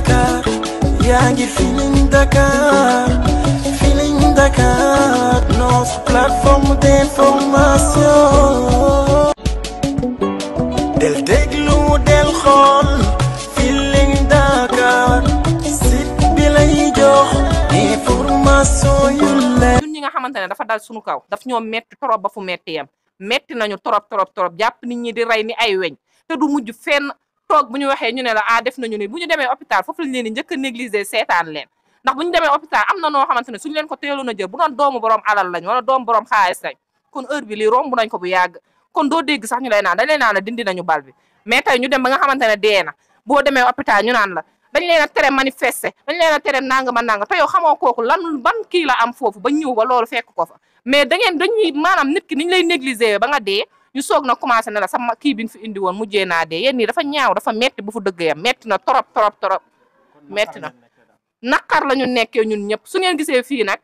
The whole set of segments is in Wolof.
Dakar yaa ngi Feeling Dakar Feeling Dakar notre plateforme d'information. del déglu del xool Feeling Dakar site lay jox information yu leer. ñun ñi nga xamante ne dafa dal suñu kaw daf ñoo metti torop ba fu metti yam metti nañu torop torop torop jàpp nit ñi di rey ni ay weñ te du mujj fenn. toog bu ñu waxee ñu ne la ah def nañu ni bu ñu demee hôpital foofu lañ leen di njëkk a négliger seetaan leen ndax bu ñu demee hôpital am na noo xamante ne suñu leen ko teeloon a jël bu doon doomu borom alal lañ wala doomu borom xaalis lañ kon heure bi lii romb nañ ko bu yàgg kon doo dégg sax ñu lay naan dañ lay naan la dindi nañu bal bi mais tey ñu dem ba nga xamante ne dee na boo demee ñu naan la dañ leen a tere manifester dañ leen a tere nanga ma nanga te yow xamoo kooku lan ban kii la am foofu ba ñëw ba loolu fekk ko fa mais da ngeen dañuy maanaam nit ki niñ lay négliger ba nga dee ñu soog na commencé ne la sama kii bi nga fi indi woon mujjee naa de yéen ñii dafa ñaaw dafa metti bu fu dëgg yam metti na torop torop torop metti na naqar la ñu nekkee ñun ñëpp su ngeen gisee fii nag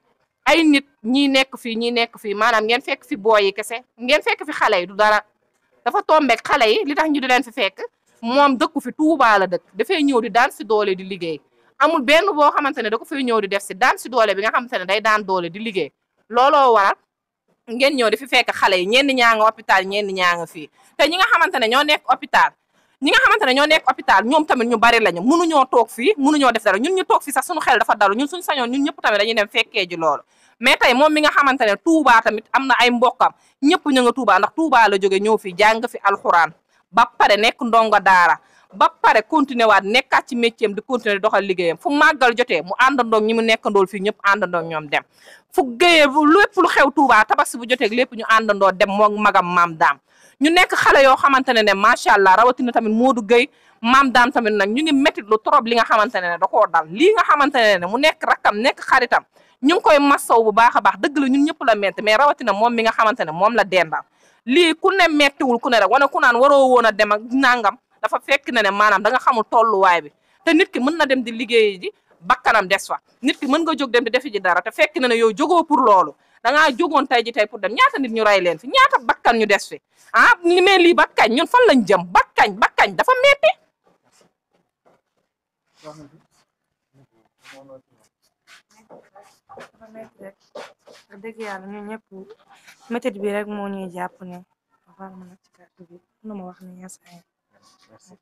ay nit ñii nekk fii ñii nekk fii maanaam ngeen fekk fi booy yi kese ngeen fekk fi xale yi du dara dafa tombeek xale yi li tax ñu di leen fi fekk moom dëkk fi Touba la dëkk dafay ñëw di daan si doole di liggéey amul benn boo xamante ne da ko fay ñëw di def si daan si doole bi nga xamante ne day daan doole di liggéey ngeen ñëw di fekk xale yi ñenn ñaa nga hôpital ñenn ñaa nga fii te ñi nga xamante ne ñoo nekk hôpital ñi nga xamante ne ñoo nekk hôpital ñoom tamit ñu bari lañu ñoo toog fii mënuñoo def dara ñun ñu toog fii sax suñu xel dafa dalu ñun suñu sañoon ñun ñëpp tamit dañuy dem fekkee ji loolu mais tey moom mi nga xamante ne Touba tamit am na ay mbokkam ñëpp ñu nga Touba ndax Touba la jóge ñëw fi jàng fi alxuraan ba pare nekk ndongo daara ba pare continuer waat nekkaat ci métier di continuer doxal liggéeyam fu màggal jotee mu àndandoog ñi mu nekkandool fii ñëpp àndandoog ñoom dem fu géyee lépp lu xew Touba tabaski bu jotee lépp ñu àndandoo dem moom magam maam daam ñu nekk xale yoo xamante ne ne macha allah rawatina tamit du Gueye maam daam tamit nag ñu ngi métti lu trop li nga xamante ne ne da koo dal lii nga xamante ne ne mu nekk rakkam nekk xaritam ñu koy massaw bu baax a baax dëgg la ñun ñëpp la metti mais rawatina moom mi nga xamante ne moom la dendal lii ku ne méttiwul ku ne rek wana ku naan waroo woon a dem ak nangam dafa fekk ne ne maanaam da nga xamul tolluwaay bi te nit ki mën na dem di liggéey ji bakkanam des fa nit ki mën nga jóg dem di defi ji dara te fekk na ne yow jógoo pour loolu da ngaa jógoon tey ji tey pour dem ñaata nit ñu rey leen fi ñaata bakkan ñu des fi ah li mais lii bakkañ ñun fan lañ jëm bakkañ bakkañ dafa metti dëgg yàlla bi rek moo ñu jàpp ne wax ma wax ne merci.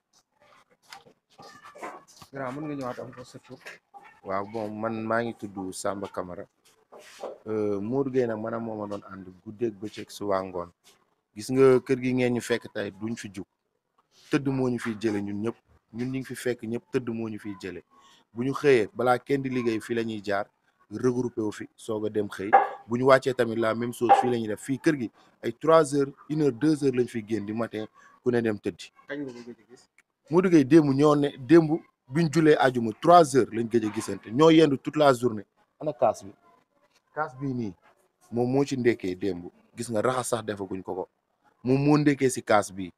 grand mën waaw bon man maa ngi tudd Samba Camara euh, Mour Gueye nag man mooma doon ànd guddeeg bëccëg su waa ngoon gis nga kër gi ngeen ñu fekk tey duñ fi jug tëdd moo ñu fiy jële ñun ñëpp ñun ñu ngi fi fekk ñëpp tëdd moo ñu fiy jële bu ñu xëyee balaa kenn di liggéey fii la ñuy jaar regroupé wu fi soog a dem xëy bu ñu wàccee tamit la même chose fii la ñuy def fii kër gi ay trois heures une heure deux heures lañ fiy génn di matin ku ne dem tëddi. kañ nga ko gëj a gis. Modou Gueye démb ñoo ne démb biñ julee ajuma trois heures lañ gëj a gisante ñoo yendu tout la journée ana kaas bi kaas bii nii moom moo ci ndekkee démb gis nga raxas sax defaguñ ko ko moom moo ndekkee si kaas bi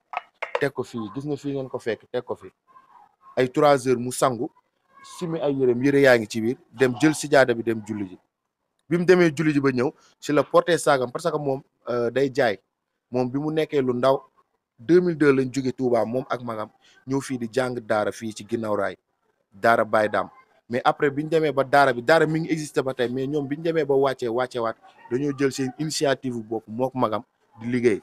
teg ko gis nga fii ngeen ko fekk teg ko fi ay trois heures mu sangu simi ay yërëm yëre yaa ngi ci biir dem jël si jaada bi dem julli ji bi mu demee julli ji ba ñëw si la porté saagam parce que moom euh, day jaay moom bi mu nekkee lu ndaw deux 2002 lañ jóge Touba moom ak magam ñëw fii di jàng daara fii ci ginnaaw raay daara Baye Dam mais après biñu demee ba daara bi daara mi ngi existé ba tey mais ñoom biñu demee ba wàccee wàcce waat dañoo jël seen initiative bu bopp mook magam di liggéey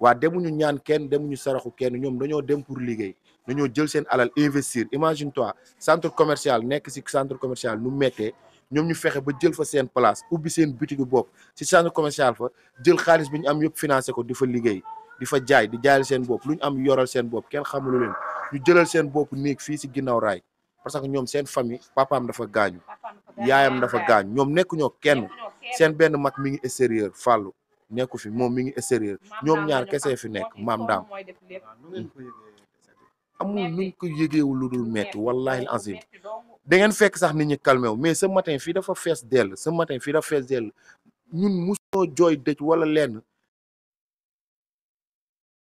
waa demuñu ñaan kenn demuñu saraxu kenn ñoom dañoo dem pour liggéey dañoo jël seen alal investir imagine toi centre commercial nekk si centre commercial nu mettee ñoom ñu fexe ba jël fa seen place ubbi seen boutique bopp ci centre commercial fa jël xaalis bi ñu am yëpp financé ko di fa liggéey di fa jaay di jaayal seen bopp lu ñu am yoral seen bopp kenn xamulu leen ñu jëlal seen bopp néeg fii si ginnaaw raay parce que ñoom seen famille papaam dafa gaañu yaayam dafa gaañ ñoom nekkuñoo kenn seen benn mag mi ngi extérieur fàllu nekku fi moom mi ngi extérieur ñoom ñaar kese fi nekk maam daam amul nuñ ko yëgeewu lu dul metti wallahi azim da ngeen fekk sax ni ñi calmé wu mais ce matin fii dafa fees dell ce matin fii dafa fees dell ñun musoo jooy dëj wala lenn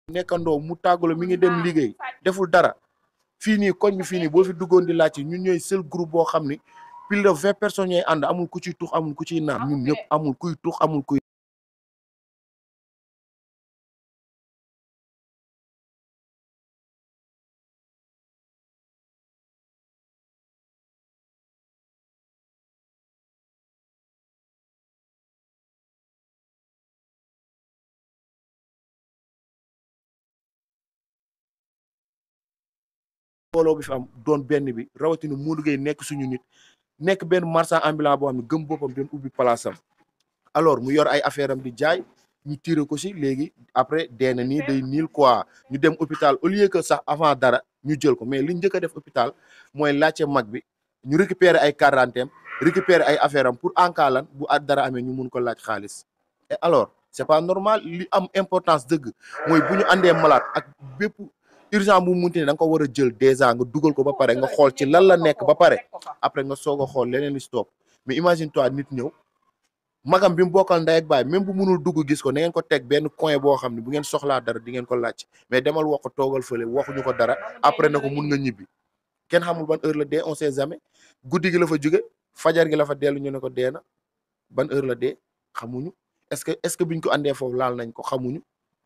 nekkandoo mu tàggalo mi ngi dem liggéey deful dara fii nii koñ bi fii nii boo fi duggoon di laajte ñun ñooy seul groupe boo xam ni plus de vingt personnes ànd amul ku ci tux amul ku ciy naan ñëpp amul kuy tux amul kuy tooloo bi fi am doon benn bi rawatina Modou Gueye nekk suñu nit nekk benn marchand ambulant bo xam ne gëm boppam doon ubbi place alors mu yor ay affaire am di jaay ñu tiré ko si léegi après dee na nii day niil quoi ñu dem hôpital au lieu que sax avant dara ñu jël ko mais li njëkk a def hôpital mooy laajte mag bi ñu récupérer ay quarantaine récupérer ay affaire am pour encaalan bu at dara amee ñu mun ko laaj xaalis et alors c'est pas normal li am importance dëgg mooy bu ñu àndee malade ak bépp urgent bu mu munti ne da ko war a jël dèjà nga dugal ko ba pare nga xool ci lan la nekk ba pare après nga soog xool leneen li stop mais imagine toi nit ñëw magam bi mu bokkal ndey ak baay même bu munul dugg gis ko na ko teg benn coin boo xam ne bu ngeen soxlaa dara di ngeen ko laaj mais demal wax ko fale fële ñu ko dara après na ko mun nga ñibbi kenn xamul ban heure la dee on sait jamais guddi gi la fa jóge fajar gi la fa dellu ñu ne ko dee na ban heure la dee xamuñu est-ce que est-ce que biñ ko andee foofu laal nañ ko xamuñu.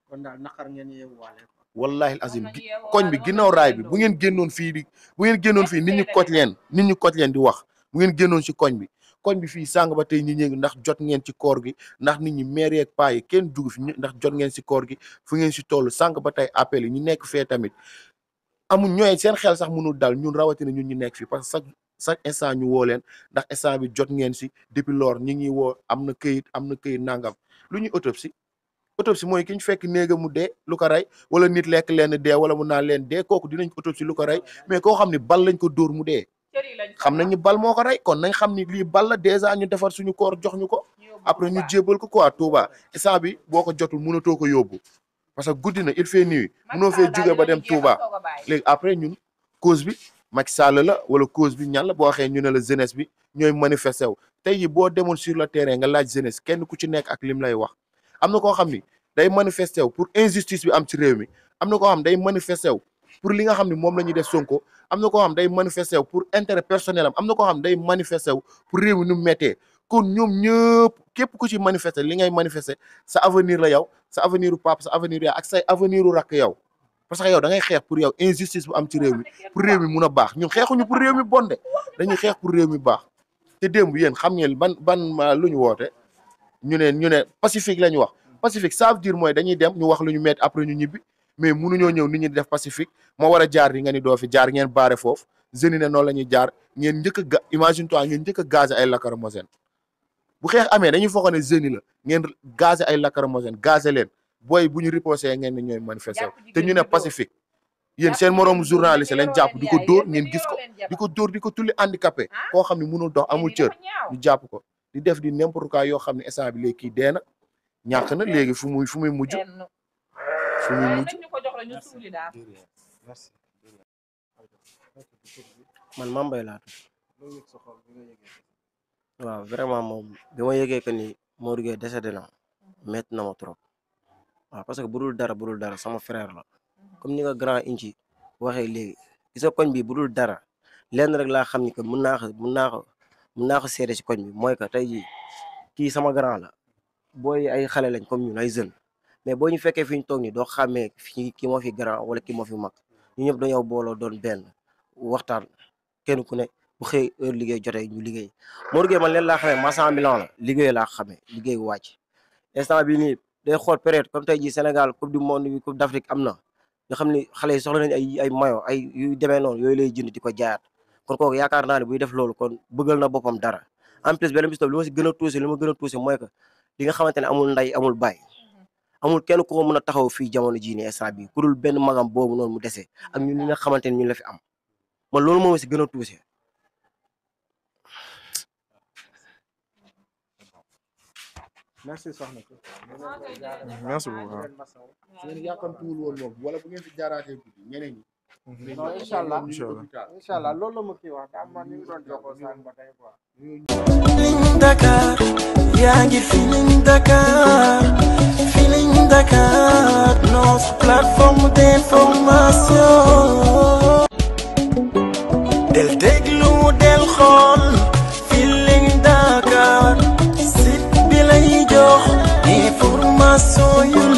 kon daal naqar ngeen yeewaale ko wallahi azim koñ bi ginnaaw raay bi bu ngeen génnoon fii di bu ngeen génnoon fii nit ñi koj leen nit ñi koj leen di wax bu ngeen génnoon si koñ bi koñ bi fii sàng ba tey ñi ñëw ndax jot ngeen ci koor gi ndax nit ñi maire ak paa yi kenn dugg fi ndax jot ngeen si koor gi fu ngeen si toll sàng ba tey appel yi ñu nekk fee tamit amul ñooy seen xel sax mënul dal ñun rawatina ñun ñu nekk fii parce que chaque instant ñu woo leen ndax instant bi jot ngeen si depuis lors ñi ngi woo am na kayit am na kayit nangam lu ñuy autopsie autopsie mooy ki ñu fekk néega mu dee lu ko rey wala nit lek leen dee wala mu naan leen dee kooku dinañ autopsie lu ko rey mais koo xam ni bal lañ ko dóor mu dee xam nañ ni bal moo ko rey kon nañ xam ni lii bal la dèjà ñu defar suñu kor jox ñu ko après ñu jébal ko quoi Touba instant bi boo ko jotul mënatoo ko yóbbu parce que guddi na il fait nuit mënoo fee jóge ba dem Touba léegi après ñun cause bi Macky Sall la wala cause bi ñan la boo waxee ñu ne la jeunesse bi ñooy manifesté wu tey yi boo demoon sur le terrain nga laaj jeunesse kenn ku ci nekk ak lim lay wax am na koo xam ni day manifesté wu pour injustice bi am ci réew mi am na koo xam day manifesté wu pour li nga xam ni moom la ñuy def Sonko am na koo xam day manifesté wu pour intérêt personnel am am na koo xam day manifesté wu pour réew mi nu mu méttee kon ñoom ñëpp képp ku ci manifester li ngay manifester sa avenir la yow sa avenir u pap sa avenir yaay ak say avenir u rakk yow parce que yow da xeex pour yow injustice bu am ci réew mi pour réew mi mun a baax ñun xeexuñu pour réew mi bonde dañuy xeex pour réew mi baax te démb yéen xam ngeen ban ban lu ñu woote ñu ne ñu pacifique la ñu wax pacifique ça veut dire mooy dañuy dem ñu wax lu ñu metti après ñu ñibbi mais mënuñoo ñëw nit ñi def pacifique moo war jaar yi nga ni doo fi jaar ngeen baare foofu jeunes yi ne noonu jaar ngeen njëkk a ga imagine toi ngeen njëkk a gazé ay lacrymogène bu xeex amee dañuy foog ne jeunes yi ngeen gazé ay lacrymogène gazé leen booy bu ñu riposé ngeen ne ñooy manifester te ñu ne pacifique yéen seen moroom journaliste lañ jàpp di ko dóor ngeen gis ko di ko dóor di ko tulli handicapé ah? koo xam ni mënul dox amul cër ñu jàpp ko di def di n'importe quoi yoo xam ne instant bi léegi kii dee na ñàkk na léegi fu muy fu man Mame Mbaye laa tudd waaw vraiment moom bi ma yëgee ni Modou Gueye na métti mhm. na ma trop waaw parce que bu dul dara bu dul dara sama frère la mhm. comme grand inci waxee léegi gis bi bu dara lenn rek la xam ni que mun naa ko bi mooy que tey jii kii sama grand la booy ay xale lañ comme ñun ay jeunes mais boo ñu fekkee fi ñu toog ni doo xàmmee fi kii moo fi grand wala ki moo fi mag ñu ñëpp dañoo booloo doon benn waxtaan kenn ku ne bu xëy heure jotee ñu liggéey Modou Gueye man leen laa xamee marchand ambulant la liggéey laa xamee liggéey wàcc instant bi nii day xool période comme tey jii Sénégal coupe du monde bi coupe d'Afrique am na nga xam ni xale yi soxla nañ ay ay mayo ay yu demee noonu yooyu lay jënd di ko jaayaat kon kooku yaakaar naa ne buy def loolu kon bëggal na boppam dara en plus beneen bis tam si gën a tuuse li ma gën a tuuse mooy que li nga xamante ne amul nday amul baay amul kenn ku ko mën a taxaw fii jamono jii nii instant bi ku benn magam boobu noonu mu dese ak ñun ñi nga xamante ne ñu la fi am man loolu moom si gën a tuuse merci soxna merci beaucoup. yéen non incha allah incha Dakar yaa Dakar Feeling Dakar nos plateforme del déglu del xool Feeling Dakar site bi lay jox information yu